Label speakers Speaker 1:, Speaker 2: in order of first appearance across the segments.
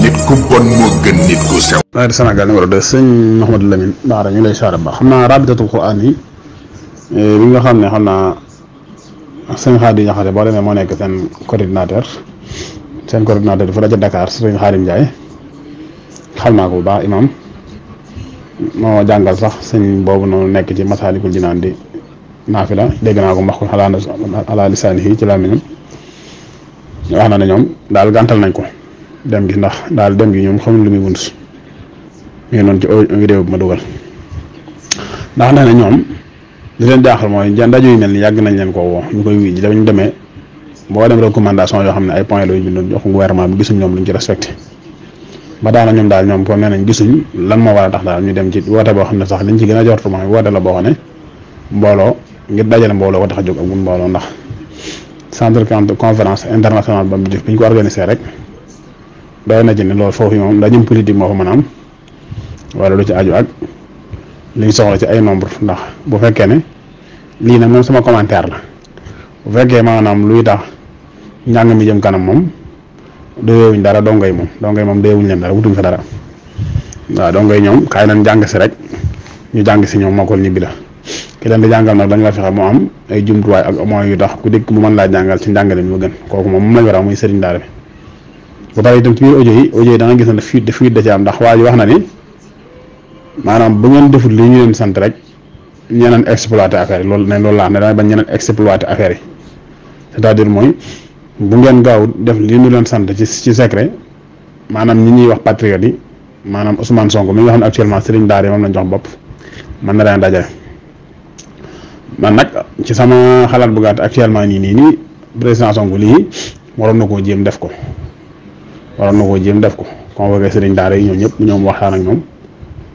Speaker 1: nit ku bon moo gën nit ku sew. rajo Sénégal numéro 2 sëñ Mouhamadou Lamine Baara ñu lay saara baax xam naa rabitatul ko yi eh, bi nga xam ne xam naa sëñ Xaadi Jaxate boo demee moo nekk seen coordinateur seen coordinateur fa la ca Dakar sëñ Xaadim Njaay xam naa ko bu baax imam moo jàngal sax sëñ boobu noonu nekk ci Masaalikul Jinaan di naafila dégg naa ko wax ko xalaat na alaali saani ci laa mel wax na ñoom daal gàntal nañ ko. dem gi ndax daal dem gi ñoom xam lu muy wund mais noonu ci vidéo bi ma dugal ndax nee ñoom li leen jaaxal mooy ndaje yu mel ni yàgg nañ leen ko woo ñu koy wuy ji dafa ñu demee boo dem yoo xam ne ay points la yu bindoon jox gouvernement bi gisuñ ñoom luñ ci respecté ba daana ñoom daal ñoom comme nee nañ gisuñ lan moo war a daal ñu dem ci woote boo xam ne sax liñ ci gën a jortu mooy woote la boo xam ne mbooloo ngir dajale mbooloo ko tax a jóg ak mbooloo ndax centre conférence internationale ba mu jëf bi ñu ko organisé rek doy na ci ne loolu foofu moom ndaje politique moo fa mën a wala lu ci aju ak liñ soxla ci ay nombre ndax bu fekkee ne lii nag moom sama commentaire la bu fekkee maanaam luy tax njàng mi jëm kanam moom doyewuñ dara dongay moom dongay moom doyewuñ leen dara wutuñ fa dara waaw dongay ñoom kaay nañ jàng si rek ñu jàng si ñoom mokkal ñibbi la ki leen di jàngal nag dañ la fexe mu am ay jumtuwaay ak moyens yu tax ci njàngale mi ba kooku moom moom lañ war muy sëriñ daara bi ba pare itam ci biir audio yi audio yi da nga gis ne fuite de fuite da ci am ndax waa ji wax na ni maanaam bu ngeen defut li ñu leen sant rek ñeneen exploité affaire yi loolu ne loolu laa ne damay bañ ñeneen exploité affaire yi c'est-à-dire mooy bu ngeen gaaw def li ñu leen sant ci ci secret maanaam ñi ñuy wax patriote yi Ousmane Sonko mi nga xam actuellement Serigne Daara yi lañ jox bopp man na daan dajale man nag ci sama xalaat bu gàtt actuellement président Sonko def ko. waroon na koo jéem def ko convoqué sëriñ daara yi ñoom ñëpp ñoom waxtaan ak ñoom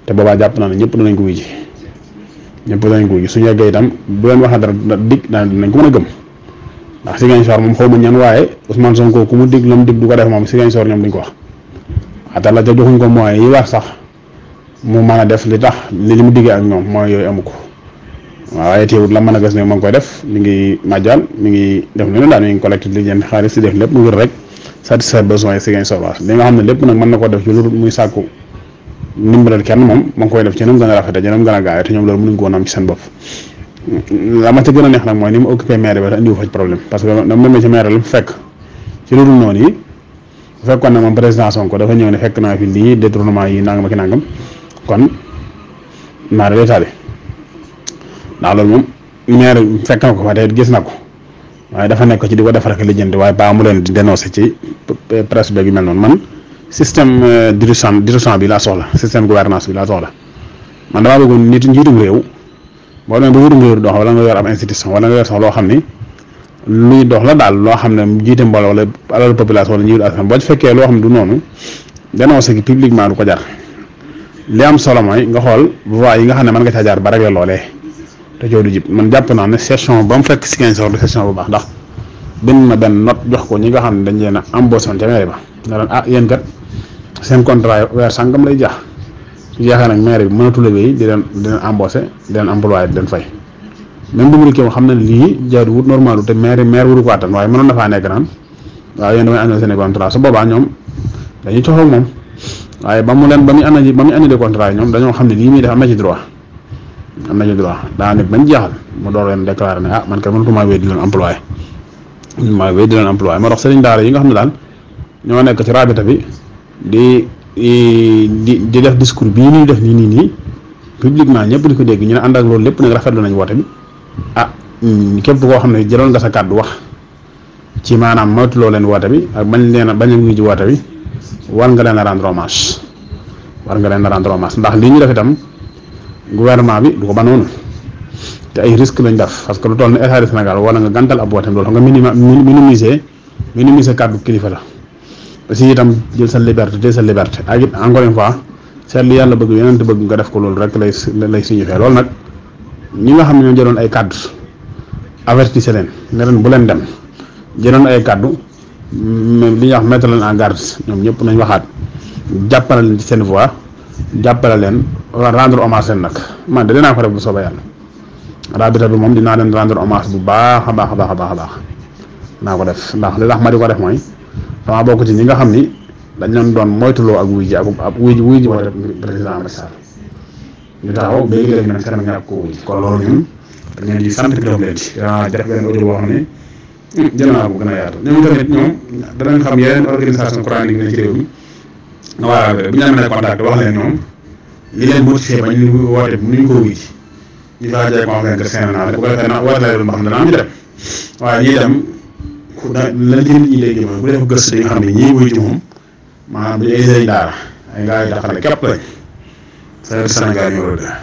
Speaker 1: te boobaa jàpp naa ne ñëpp danañ ko wuyu ji ñëpp danañ ko wuyu ji suñu yeggee itam bu leen waxee dara naa nañ ko mën a gëm ndax Ziguinchor moom xaw ma ñan waaye Ousmane ko ku mu dig la mu dig du ko def moom Ziguinchor ñoom duñ ko wax ata la ca joxuñ ko moyens yi war sax mu mën a def li tax li li mu diggee ak ñoom mooy yooyu amu ko waaw waaye teewut la mën a gas ne ma koy def mi ngi majjal mi ngi def lu ne daal mi ngi collecté li ngeen xaalis si def lépp mu ngir rek satisfaire besoin yi si ngeen soxla li nga xam ne lépp nag mën na ko def ci moom ma ngi koy def ci ñoom gën a a te ñoom loolu mënuñ ko woon am ci seen bopp la ma gën a neex nag mooy ni mu occupé maire bi te indiwu fa problème parce que dama demee ci maire lu fekk ci loolu noonu yi bu fekkoon moom président Sonko dafa ñëw ne fekk ndax loolu moom maire fekk na ko fa gis na ko waaye dafa nekk ci di ko defar ak lijjanti waaye baa mu leen di dénoncé ci presse beeg yu mel noonu man système euh, dirigeant dirigeant bi laa soxla système gouvernance bi laa soxla man damaa bëggoon nit njiitum réew boo demee ba njiitum réew dox wala nga yor ab institution wala nga yor sax loo xam ni luy dox la daal loo xam ne jiite mbooloo wala alalu population wala njiitu askan boo ci fekkee loo xam ne du noonu dénoncé ki publiquement du ko jar li am solo mooy nga xool voie yi nga xam ne man nga caa jaar ba réglé loolee. te coow du jib man jàpp naa ne session ba mu fekk si 15 heures du session bu baax ndax bind benn note jox ko ñi nga xam ne dañ leen a embauché woon ca mairie ba ne leen ah yéen kat seen contrat weer sàngam bi mënatul a wéy di leen di leen embauché di leen employé di leen fay même bu mu dikkee ne waaye mënoon na faa nekk naan waaw yéen damay annulé seen contrat su boobaa ñoom dañuy coxoog moom waaye ba mu leen ba muy annulé ba muy annulé contrat yi ñoom xam ne lii muy def am na ci droit. am nañu droit da nek bañ jaxal mu door len déclarer né ah man ko ma wéy di len employé ma wéy di len employé ma dox sëriñ daara yi nga xam ne daal ñoo nek ci rabita bi di di di def discours bi ñuy def ni ni ni publiquement ñepp di ko dégg ñu na ànd ak loolu lépp nag rafetlu nañ wote bi ah mm, képp ko xamné jëlon nga sa kàddu wax ci maanaam moytuloo leen wote bi ak bañ leena bañ a wuyu ji woote bi war nga leena rendre hommage war nga leena rendre hommage ndax li ñu def itam gouvernement bi du ko ba noonu te ay risque lañ def parce que lu toll ni état du Sénégal wala nga gàntal ab wooteem loolu xam nga minima minimiser minimiser kàddu kilifa la aussi itam jël sa liberté jël sa liberté ak it encore une fois seetlu yàlla bëgg yeneen te bëgg nga def ko loolu rek lay lay signifié loolu nag ñi nga xam ne ñoo jëloon ay kàddu avertissé leen ne leen bu leen dem jëloon ay kàddu li ñuy wax mettre leen en garde ñoom ñëpp nañ waxaat jàppale leen ci seen voie jàppale leen. rendre hommage nak man de dinaa ko def bu soba yalla rabita bi mom dina len rendre hommage bu baakha baakha baakha baakha na a ko def ndax li tax ma di ko def moy dama bokku ci ñi nga xamni dañ leen doon moytuloo ak wuy ji ak ab wuy ji wuy ji wala président Macky Sall ñu taxaw ba léegi nag kenn nga ko wuy ko lool ñu dañ leen di sant gërëm leen ci ah def benn audio boo xam hmm, jëna ko yaatu ñu tamit ñoom danañ xam yeen organisation coranique na ci rew mi na bu ñu amé contact wax leen ñoom li leen motivé ba ñu woote bi ñu ko wuy ji faa jaay moo xam ne que seen naa rek ko defee na woote la xam dana am ñu dem waaye ñuy dem ku da lan ci nit bu def gëstu di nga xam ne ñii wuy ji moom maanaam dañu ay sëriñ daara ay gars yu daqale képp lañ Sénégal numéro 2